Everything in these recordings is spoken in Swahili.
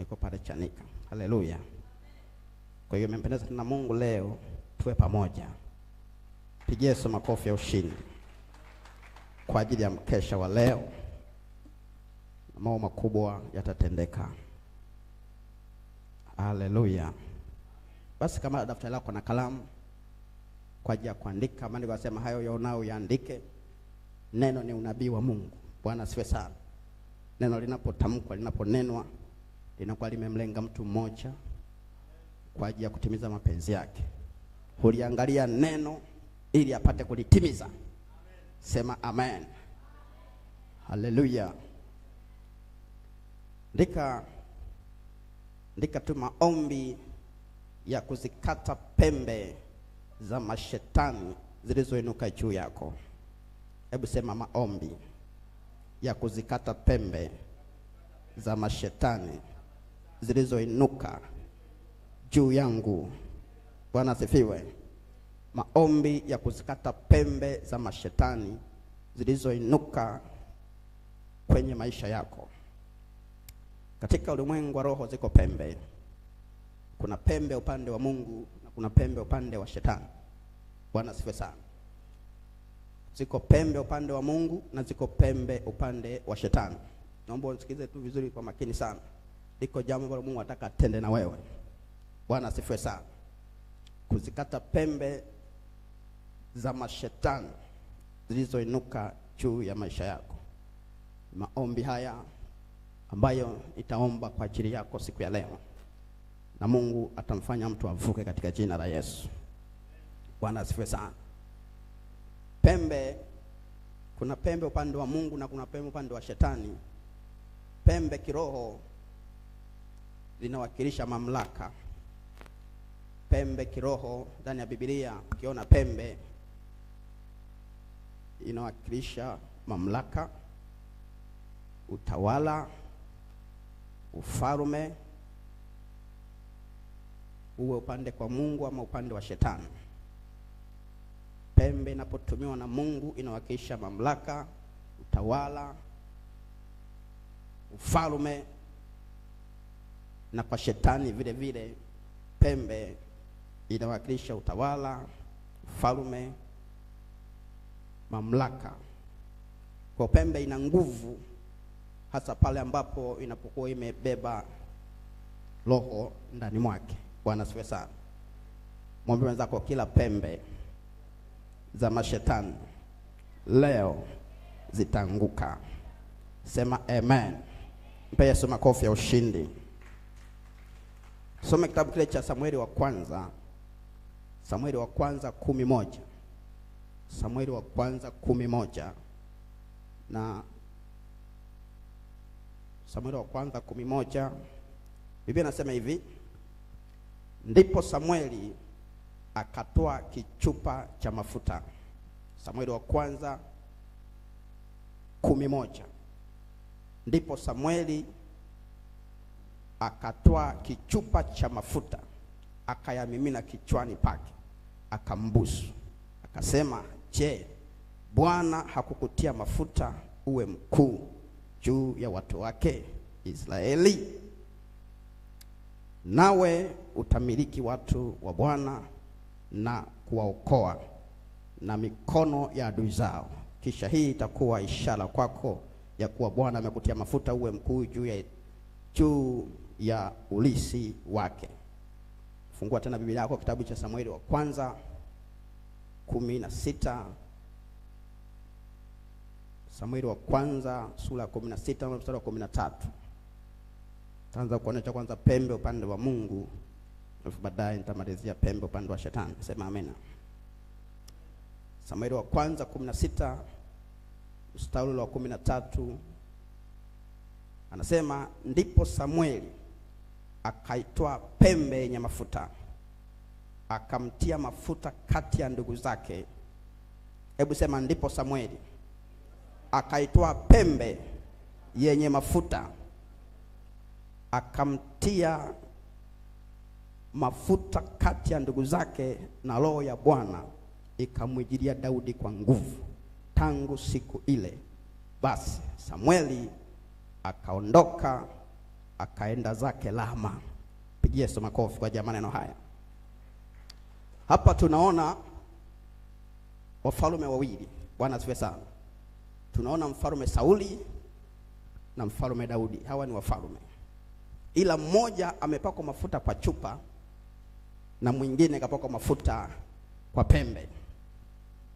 niko pale Chanika. Haleluya! Kwa hiyo imempendeza na Mungu leo, tuwe pamoja, pigie Yesu makofi ya ushindi kwa ajili ya mkesha wa leo. Mambo makubwa yatatendeka. Haleluya! Basi kama daftari lako na kalamu kwa ajili ya kuandika, maandiko yanasema hayo yaonao yaandike. Neno ni unabii wa Mungu. Bwana asifiwe sana. Neno linapotamkwa, linaponenwa linakuwa limemlenga mtu mmoja kwa ajili ya kutimiza mapenzi yake. Huliangalia neno ili apate kulitimiza. Sema amen. Haleluya. Ndika ndika tu maombi ya kuzikata pembe za mashetani zilizoinuka juu yako. Hebu sema maombi ya kuzikata pembe za mashetani zilizoinuka juu yangu. Bwana asifiwe. Maombi ya kuzikata pembe za mashetani zilizoinuka kwenye maisha yako. Katika ulimwengu wa roho ziko pembe. Kuna pembe upande wa Mungu na kuna pembe upande wa shetani. Bwana asifiwe sana. Ziko pembe upande wa Mungu na ziko pembe upande wa shetani. Naomba unisikize tu vizuri kwa makini sana liko jambo ambalo Mungu anataka atende na wewe. Bwana asifiwe sana. Kuzikata pembe za mashetani zilizoinuka juu ya maisha yako. Maombi haya ambayo nitaomba kwa ajili yako siku ya leo, na Mungu atamfanya mtu avuke katika jina la Yesu. Bwana asifiwe sana. Pembe, kuna pembe upande wa Mungu na kuna pembe upande wa shetani. Pembe kiroho linawakilisha mamlaka. Pembe kiroho ndani ya Biblia, ukiona pembe inawakilisha mamlaka, utawala, ufalume, uwe upande kwa Mungu ama upande wa Shetani. Pembe inapotumiwa na Mungu inawakilisha mamlaka, utawala, ufalume na kwa shetani vile vile. Pembe inawakilisha utawala, falme, mamlaka. Kwa pembe ina nguvu hasa pale ambapo inapokuwa imebeba roho ndani mwake. Bwana siwe sana. Mwombe wenzako, kila pembe za mashetani leo zitaanguka. Sema amen. Mpe Yesu makofi ya ushindi. Soma kitabu kile cha Samueli wa kwanza, Samueli wa kwanza kumi moja, Samueli wa kwanza kumi moja na Samueli wa kwanza kumi moja. Biblia inasema hivi, ndipo Samueli akatoa kichupa cha mafuta. Samueli wa kwanza kumi moja, ndipo Samueli akatoa kichupa cha mafuta akayamimina kichwani pake, akambusu, akasema, Je, Bwana hakukutia mafuta uwe mkuu juu ya watu wake Israeli? Nawe utamiliki watu wa Bwana na kuwaokoa na mikono ya adui zao. Kisha hii itakuwa ishara kwako ya kuwa Bwana amekutia mafuta uwe mkuu juu ya juu ya ulisi wake. Fungua tena Biblia yako kitabu cha Samueli wa kwanza kumi na sita Samueli wa kwanza sura ya kumi na sita mstari wa kumi na tatu Taanza kuonyesha kwanza pembe upande wa Mungu, alafu baadaye nitamalizia pembe upande wa Shetani. Sema amena. Samueli wa kwanza kumi na sita mstari wa kumi na tatu anasema ndipo Samueli akaitwa pembe yenye mafuta, akamtia mafuta kati ya ndugu zake. Hebu sema, ndipo samweli akaitwa pembe yenye mafuta, akamtia mafuta kati ya ndugu zake, na roho ya Bwana ikamwijilia Daudi kwa nguvu tangu siku ile. Basi samweli akaondoka akaenda zake Lama. Pigie Yesu makofi kwa ajili ya maneno haya. Hapa tunaona wafalume wawili. Bwana asifiwe sana. Tunaona mfalume Sauli na mfalume Daudi. Hawa ni wafalume, ila mmoja amepakwa mafuta kwa chupa na mwingine kapakwa mafuta kwa pembe.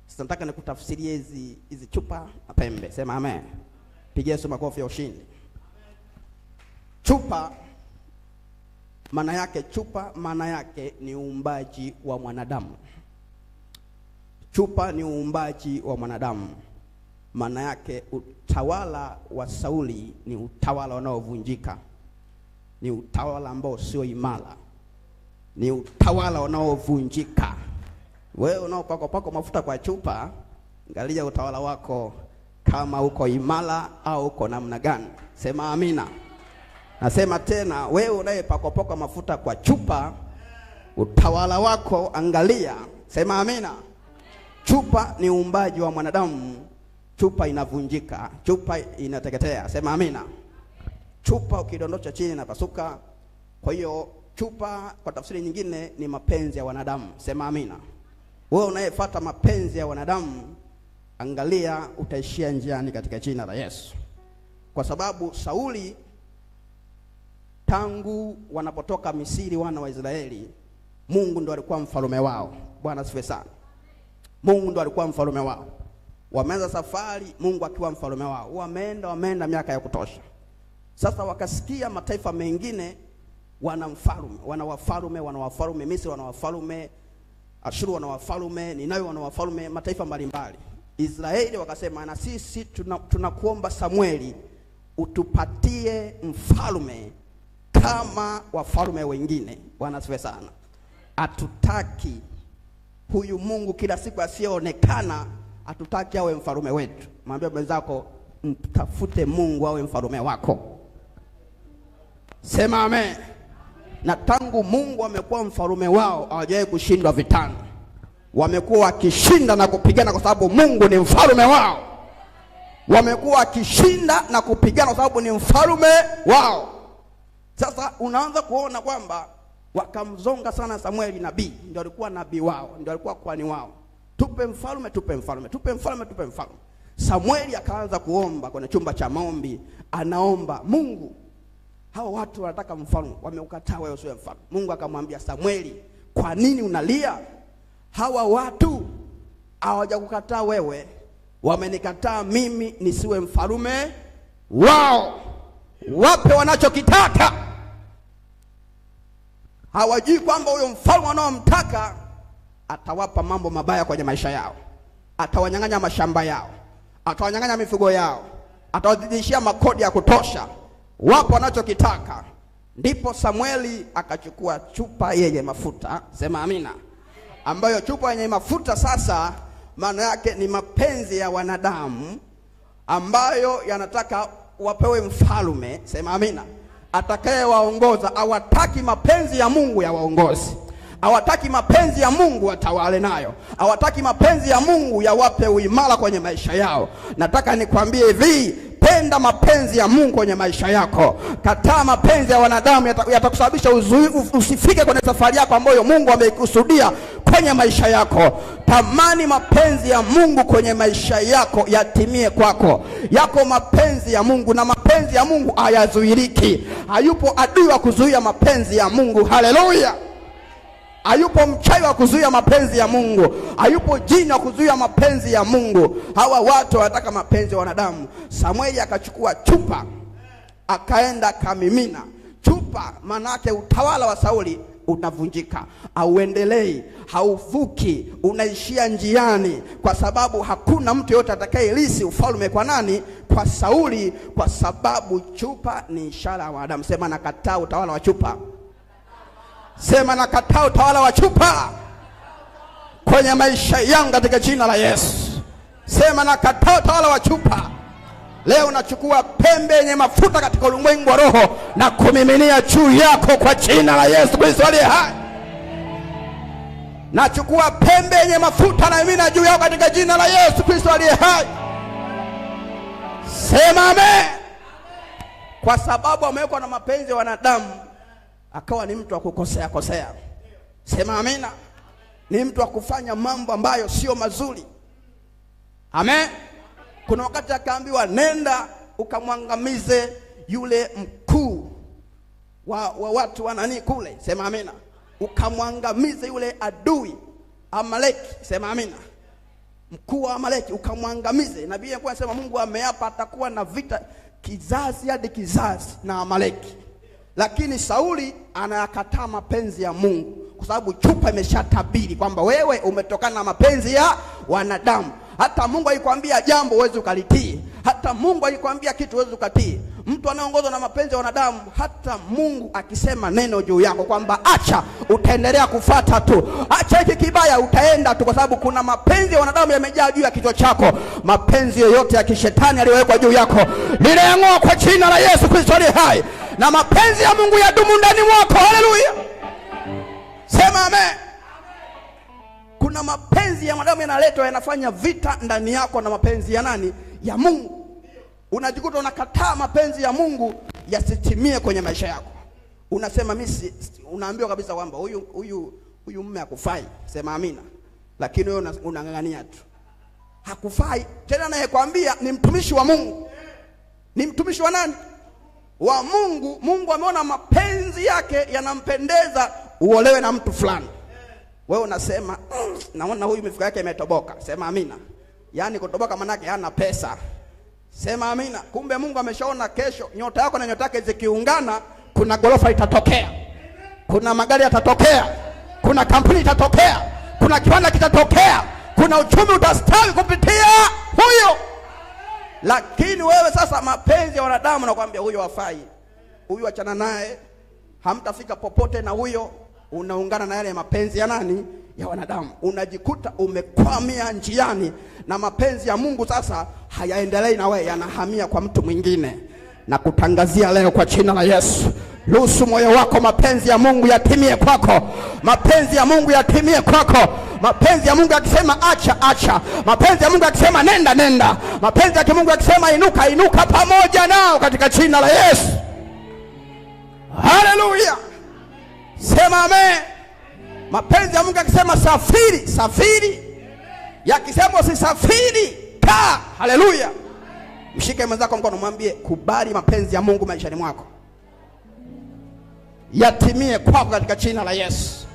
Sasa nataka nikutafsirie hizi hizi chupa na pembe. Sema amen. Pigia Yesu makofi ya ushindi. Chupa maana yake chupa maana yake ni uumbaji wa mwanadamu. Chupa ni uumbaji wa mwanadamu, maana yake utawala wa Sauli ni utawala unaovunjika, ni utawala ambao sio imara, ni utawala unaovunjika. Wewe unaopakopako mafuta kwa chupa, angalia utawala wako kama uko imara au uko namna gani. Sema amina. Nasema tena, wewe unayepakopoka mafuta kwa chupa, utawala wako angalia. Sema amina. Chupa ni uumbaji wa mwanadamu. Chupa inavunjika, chupa inateketea. Sema amina. Chupa ukidondosha chini inapasuka. Kwa hiyo chupa, kwa tafsiri nyingine, ni mapenzi ya wanadamu. Sema amina. Wewe unayefuata mapenzi ya wanadamu, angalia utaishia njiani katika jina la Yesu, kwa sababu Sauli tangu wanapotoka Misri wana wa Israeli, Mungu ndo alikuwa mfalme wao. Bwana asifiwe sana. Mungu ndo alikuwa mfalme wao. Wameanza safari Mungu akiwa mfalme wao, wameenda wameenda miaka ya kutosha. Sasa wakasikia mataifa mengine wana mfalme, wana wafalme, wana wafalme. Misri wana wafalme, Ashuru wana wafalme, Ninawi wana wafalme, mataifa mbalimbali. Israeli wakasema, na sisi tunakuomba tuna Samueli, utupatie mfalme kama wafalme wengine. Bwana asifiwe sana. Hatutaki huyu Mungu kila siku asiyeonekana, hatutaki awe mfalme wetu. Mwambie mwenzako, mtafute Mungu awe mfalme wako. Sema amen. Na tangu Mungu amekuwa mfalme wao, hawajawahi kushindwa vitani. Wamekuwa wakishinda na kupigana kwa sababu Mungu ni mfalme wao. Wamekuwa wakishinda na kupigana kwa sababu ni mfalme wao. Sasa unaanza kuona kwamba wakamzonga sana Samueli nabii, ndio alikuwa nabii wao, ndio alikuwa kwani wao, tupe mfalme, tupe mfalme, tupe mfalme, tupe mfalme. Samueli akaanza kuomba kwenye chumba cha maombi, anaomba Mungu, hawa watu wanataka mfalme, wameukataa wewe usiwe mfalme. Mungu akamwambia Samueli, kwa nini unalia? Hawa watu hawajakukataa wewe, wamenikataa mimi nisiwe mfalme wao wape wanachokitaka. Hawajui kwamba huyo mfalme wanaomtaka atawapa mambo mabaya kwenye maisha yao, atawanyang'anya mashamba yao, atawanyang'anya mifugo yao, atawadhidishia makodi ya kutosha. Wapo wanachokitaka. Ndipo Samueli akachukua chupa yenye mafuta, sema amina, ambayo chupa yenye mafuta sasa maana yake ni mapenzi ya wanadamu ambayo yanataka wapewe mfalme, sema amina, atakayewaongoza awataki mapenzi ya Mungu ya waongozi hawataki mapenzi ya Mungu watawale nayo, hawataki mapenzi ya Mungu yawape uimara kwenye maisha yao. Nataka nikwambie hivi, Penda mapenzi ya Mungu kwenye maisha yako. Kataa mapenzi ya wanadamu yatakusababisha yata usifike kwenye safari yako ambayo Mungu ameikusudia kwenye maisha yako. Tamani mapenzi ya Mungu kwenye maisha yako yatimie kwako. Yako mapenzi ya Mungu, na mapenzi ya Mungu hayazuiliki. Hayupo adui wa kuzuia mapenzi ya Mungu. Haleluya! hayupo mchawi wa kuzuia mapenzi ya Mungu, hayupo jini wa kuzuia mapenzi ya Mungu. Hawa watu wanataka mapenzi ya wanadamu. Samueli akachukua chupa akaenda kamimina chupa, manake utawala wa Sauli unavunjika, hauendelei, hauvuki, unaishia njiani, kwa sababu hakuna mtu yoyote lisi ufalme kwa nani? Kwa Sauli, kwa sababu chupa ni ishara ya wanadamu. Sema nakataa utawala wa chupa. Sema nakataa utawala wa chupa kwenye maisha yangu katika jina la Yesu. Sema nakataa utawala wa chupa. Leo nachukua pembe yenye mafuta katika ulimwengu wa roho na kumiminia juu yako kwa jina la Yesu Kristo aliye hai. Nachukua pembe yenye mafuta na na juu yako katika jina la Yesu Kristo aliye hai. Sema amen. Kwa sababu amewekwa na mapenzi ya wanadamu akawa ni mtu wa kukosea kosea. Sema amina. Ni mtu wa kufanya mambo ambayo sio mazuri. Amen. Kuna wakati akaambiwa nenda ukamwangamize yule mkuu wa, wa watu wa nani kule. Sema amina. Ukamwangamize yule adui Amaleki. Sema amina. Mkuu wa Amaleki ukamwangamize. Nabii alikuwa anasema Mungu ameapa atakuwa na vita kizazi hadi kizazi na Amaleki lakini Sauli anayakataa mapenzi ya Mungu kwa sababu chupa imeshatabiri kwamba wewe umetokana na mapenzi ya wanadamu. Hata Mungu alikwambia jambo huwezi ukalitii, hata Mungu alikwambia kitu huwezi ukatii. Mtu anayeongozwa na mapenzi ya wanadamu, hata Mungu akisema neno juu yako kwamba acha, utaendelea kufata tu, acha hiki kibaya, utaenda tu, kwa sababu kuna mapenzi ya wanadamu yamejaa juu ya kichwa chako. Mapenzi yoyote ya kishetani yaliyowekwa juu yako, ninaang'oa kwa jina la Yesu Kristo aliye hai na mapenzi ya Mungu yadumu ndani mwako. Haleluya, sema amen. Kuna mapenzi ya mwanadamu yanaletwa, yanafanya vita ndani yako na mapenzi ya nani? Ya Mungu. Unajikuta unakataa mapenzi ya Mungu yasitimie kwenye maisha yako, unasema mimi, unaambiwa kabisa kwamba huyu huyu huyu mume hakufai, sema amina, lakini wewe unang'ang'ania tu hakufai. Tena anayekwambia ni mtumishi wa Mungu, ni mtumishi wa nani? wa Mungu, Mungu ameona mapenzi yake yanampendeza uolewe na mtu fulani. Wewe unasema mm, naona huyu mifuko yake imetoboka. Sema amina. Yaani kutoboka manake hana pesa. Sema amina. Kumbe Mungu ameshaona kesho nyota yako na nyota yake zikiungana, kuna gorofa itatokea, kuna magari yatatokea, kuna kampuni itatokea, kuna kiwanda kitatokea, kuna uchumi utastawi kupitia huyo lakini wewe sasa, mapenzi ya wanadamu nakwambia, huyo hafai, huyu achana naye, hamtafika popote na huyo. Unaungana na yale mapenzi ya nani? Ya wanadamu. Unajikuta umekwamia njiani, na mapenzi ya Mungu sasa hayaendelei na wewe, yanahamia kwa mtu mwingine. Nakutangazia leo kwa jina la Yesu Ruhusu moyo wako mapenzi ya Mungu yatimie kwako, mapenzi ya Mungu yatimie kwako. Mapenzi ya Mungu akisema acha, acha. Mapenzi ya Mungu yakisema nenda, nenda. Mapenzi ya Mungu akisema inuka, inuka pamoja nao katika jina la Yesu. Haleluya, sema amen. Mapenzi ya Mungu akisema safiri, safiri. Yakisema usisafiri, kaa. Haleluya, mshike mwenzako mkono, mwambie kubali mapenzi ya Mungu maishani mwako yatimie kwako katika jina la Yesu.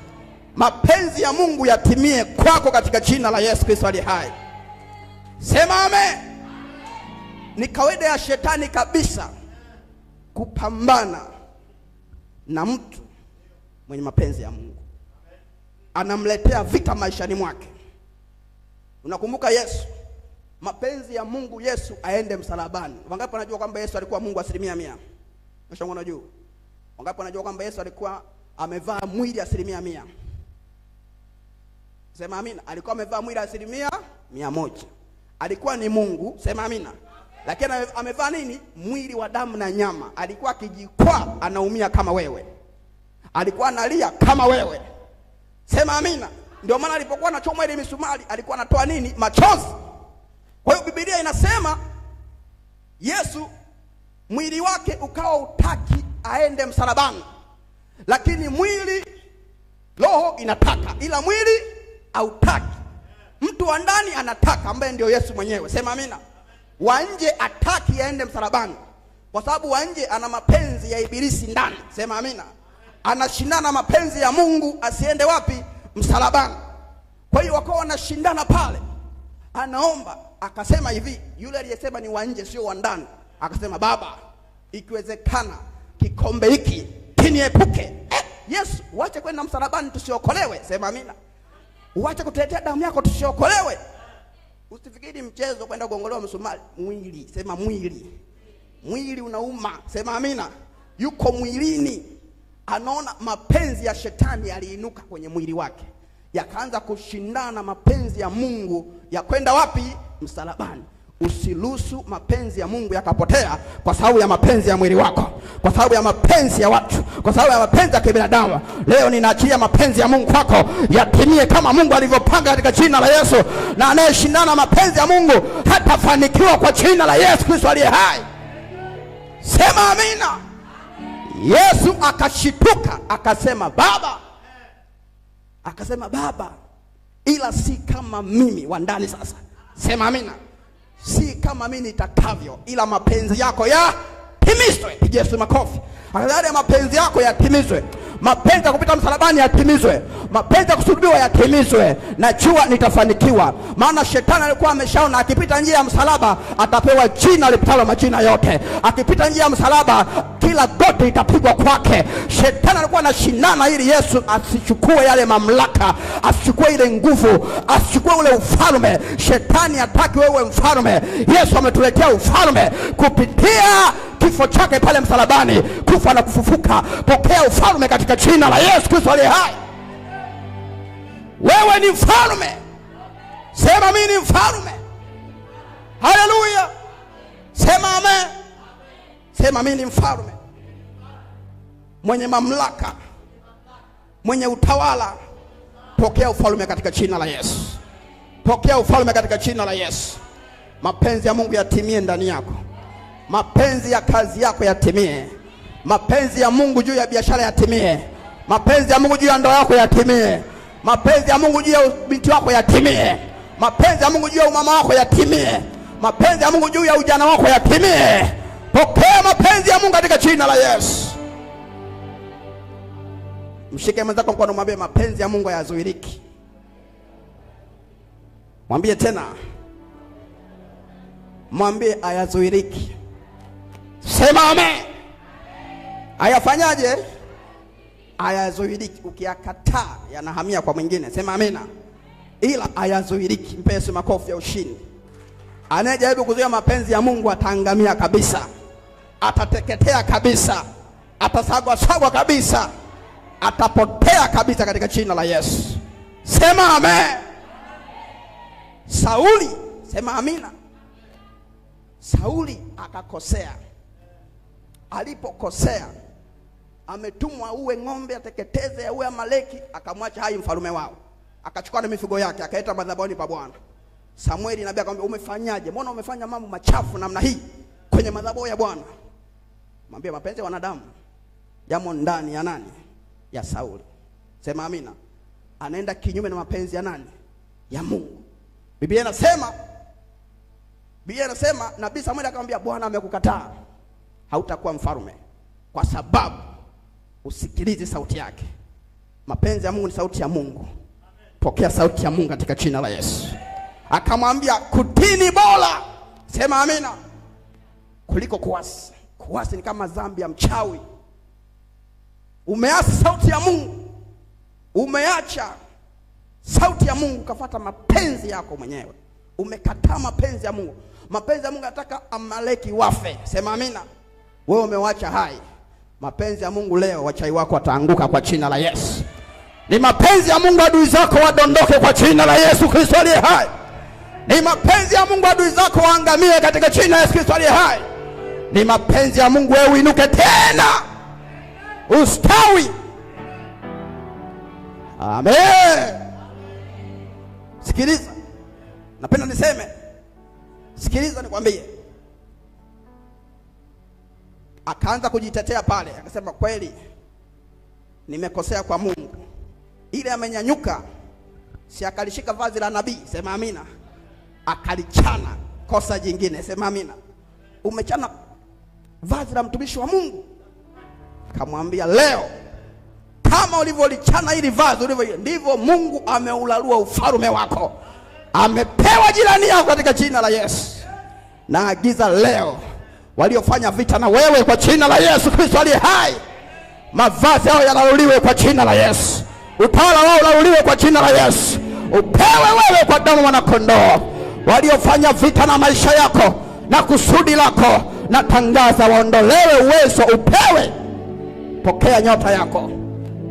Mapenzi ya Mungu yatimie kwako katika jina la Yesu Kristo ali hai. Sema amen. Ni kawaida ya shetani kabisa kupambana na mtu mwenye mapenzi ya Mungu, anamletea vita maishani mwake. Unakumbuka Yesu, mapenzi ya Mungu Yesu aende msalabani. Wangapi wanajua kwamba Yesu alikuwa Mungu asilimia mia? Unajua Wangapi wanajua kwamba Yesu alikuwa amevaa mwili asilimia mia? Sema amina. Alikuwa amevaa mwili asilimia mia moja. Alikuwa ni Mungu, sema amina. Lakini amevaa nini? Mwili wa damu na nyama. Alikuwa akijikwaa anaumia kama wewe, alikuwa analia kama wewe, sema amina. Ndio maana alipokuwa anachomwa ile misumari alikuwa anatoa nini? Machozi. Kwa hiyo Biblia inasema Yesu mwili wake ukawa utaki aende msalabani, lakini mwili roho inataka, ila mwili hautaki. Mtu wa ndani anataka, ambaye ndio Yesu mwenyewe. Sema amina. Wa nje ataki aende msalabani, kwa sababu wa nje ana mapenzi ya ibilisi ndani. Sema amina. Anashindana mapenzi ya Mungu asiende wapi? Msalabani. Kwa hiyo wakawa wanashindana pale, anaomba akasema hivi, yule aliyesema ni wa nje, sio wa ndani, akasema Baba, ikiwezekana kikombe hiki kiniepuke eh, Yesu uache kwenda msalabani tusiokolewe. Sema amina. Uache kutetea damu yako tusiokolewe. Usifikiri mchezo kwenda kuongolewa msumari. Mwili, sema mwili. Mwili unauma. Sema amina. Yuko mwilini, anaona mapenzi ya shetani yaliinuka kwenye mwili wake yakaanza kushindana mapenzi ya Mungu ya kwenda wapi? Msalabani. Usiruhusu mapenzi ya Mungu yakapotea kwa sababu ya mapenzi ya mwili wako, kwa sababu ya mapenzi ya watu, kwa sababu ya mapenzi ya kibinadamu. Leo ninaachilia mapenzi ya Mungu kwako yatimie kama Mungu alivyopanga katika jina la Yesu, na anayeshindana mapenzi ya Mungu hatafanikiwa kwa jina la Yesu Kristo aliye hai. Sema amina. Yesu akashituka akasema, Baba, akasema Baba, ila si kama mimi wa ndani sasa. Sema amina si kama mimi nitakavyo, ila mapenzi yako yatimizwe. Pigia Yesu makofi. ya mapenzi yako yatimizwe mapenzi ya kupita msalabani yatimizwe, mapenzi ya kusulubiwa yatimizwe, na jua nitafanikiwa. Maana shetani alikuwa ameshaona akipita njia ya msalaba atapewa jina lipitalo majina yote, akipita njia ya msalaba kila goti itapigwa kwake. Shetani alikuwa anashindana ili Yesu asichukue yale mamlaka, asichukue ile nguvu, asichukue ule ufalme. Shetani hataki wewe mfalme, Yesu ametuletea ufalme kupitia kifo chake pale msalabani, kufa na kufufuka. Pokea ufalme katika jina la Yesu Kristo aliye hai. Wewe ni mfalme, sema mimi ni mfalme. Haleluya, sema amen, sema mimi ni mfalme mwenye mamlaka, mwenye utawala. Pokea ufalme katika jina la Yesu. Pokea ufalme katika jina la Yesu. Mapenzi ya Mungu yatimie ndani yako mapenzi ya kazi yako yatimie, mapenzi ya Mungu juu ya biashara yatimie, mapenzi ya Mungu juu ya ndoa yako yatimie, mapenzi ya Mungu juu ya binti wako yatimie, mapenzi ya Mungu juu ya umama wako yatimie, mapenzi ya Mungu juu ya ujana wako yatimie. Pokea mapenzi ya Mungu katika jina la Yesu. Mshike mwenzako mkono, mwambie mapenzi ya Mungu hayazuiliki. Mwambie tena, mwambie ayazuiriki Sema amen. Ayafanyaje? Ayazuiliki, ukiyakataa yanahamia kwa mwingine. Sema amena, ila ayazuiliki. Mpesi makofi ya ushindi. Anayejaribu kuzuia mapenzi ya Mungu ataangamia kabisa, atateketea kabisa, atasagwasagwa kabisa, atapotea kabisa katika jina la Yesu. Sema amen. Sauli, sema amina. Sauli akakosea alipokosea, ametumwa uwe ng'ombe ateketeze, uwe Amaleki, akamwacha hai mfalume wao, akachukua na mifugo yake akaleta madhabahuni pa Bwana. Samueli nabii akamwambia, umefanyaje? Mbona umefanya mambo machafu namna hii kwenye madhabahu ya Bwana? Mwambie mapenzi ya wanadamu yamo ndani ya nani? Ya Sauli. Sema amina. Anaenda kinyume na mapenzi ya nani? Ya Mungu. Biblia inasema Biblia inasema nabii Samueli akamwambia, Bwana amekukataa hautakuwa mfalme, kwa sababu usikilize sauti yake. Mapenzi ya Mungu ni sauti ya Mungu. Pokea sauti ya Mungu katika jina la Yesu. Akamwambia, kutini bora, sema amina, kuliko kuasi. Kuasi ni kama dhambi ya mchawi. Umeasi sauti ya Mungu, umeacha sauti ya Mungu, ukafuata mapenzi yako mwenyewe, umekataa mapenzi ya Mungu. Mapenzi ya Mungu anataka Amaleki wafe. Sema amina wewe umewacha hai. Mapenzi ya Mungu leo, wachai wako wataanguka kwa jina la Yesu. Ni mapenzi ya Mungu adui zako wadondoke kwa jina la Yesu Kristo aliye hai. Ni mapenzi ya Mungu adui zako waangamie katika jina la Yesu Kristo aliye hai. Ni mapenzi ya Mungu wewe uinuke tena ustawi. Amen. Sikiliza, napenda niseme, sikiliza nikwambie akaanza kujitetea pale, akasema kweli nimekosea kwa Mungu. Ile amenyanyuka, si akalishika vazi la nabii, sema amina, akalichana kosa jingine, sema amina. Umechana vazi la mtumishi wa Mungu, kamwambia leo kama ulivyolichana hili vazi ulivyo, ndivyo Mungu ameulalua ufalume wako, amepewa jirani yako katika jina la Yesu. Naagiza leo waliofanya vita na wewe kwa jina la Yesu Kristo aliye hai. Mavazi yao yalauliwe kwa jina la Yesu, upala wao ulauliwe kwa jina la Yesu, upewe wewe kwa damu mwanakondoo. Waliofanya vita na maisha yako na kusudi lako, natangaza waondolewe uwezo, upewe. Pokea nyota yako,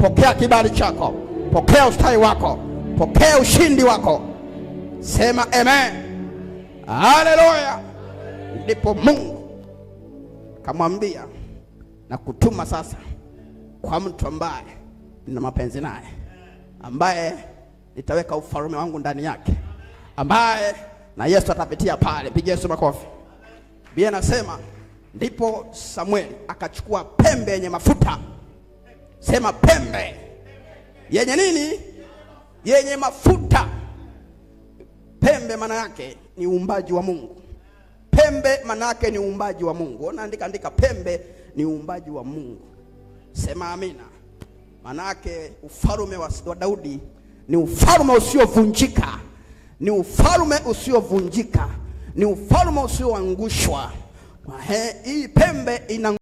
pokea kibali chako, pokea ustawi wako, pokea ushindi wako. Sema amen, haleluya, ndipo Mungu Kamwambia na kutuma sasa kwa mtu ambaye nina mapenzi naye, ambaye nitaweka ufalme wangu ndani yake, ambaye na Yesu atapitia pale. Piga Yesu makofi. Biblia nasema ndipo Samueli akachukua pembe yenye mafuta. Sema pembe yenye nini? Yenye mafuta. Pembe maana yake ni uumbaji wa Mungu pembe manake ni uumbaji wa Mungu. Ona, andika andika, pembe ni uumbaji wa Mungu. Sema amina. Manake ufalme wa, wa Daudi ni ufalme usiovunjika, ni ufalme usiovunjika, ni ufalme usioangushwa. Hii pembe ina